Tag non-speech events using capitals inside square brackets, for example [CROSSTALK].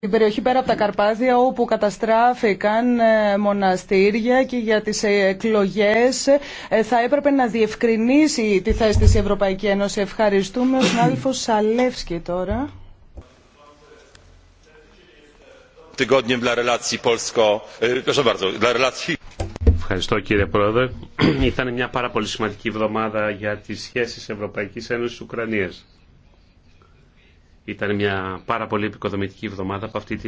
την περιοχή πέρα από τα Καρπάδια όπου καταστράφηκαν ε, μοναστήρια και για τις εκλογές ε, θα έπρεπε να διευκρινίσει τη θέση της Ευρωπαϊκή Ένωση. Ευχαριστούμε ο συνάδελφος Σαλεύσκη τώρα. Ε, Ευχαριστώ κύριε Πρόεδρε. [CLEARS THROAT] Ήταν μια πάρα πολύ σημαντική εβδομάδα για τις σχέσεις Ευρωπαϊκής Ένωσης Ουκρανίας ήταν μια πάρα πολύ επικοδομητική εβδομάδα από αυτή την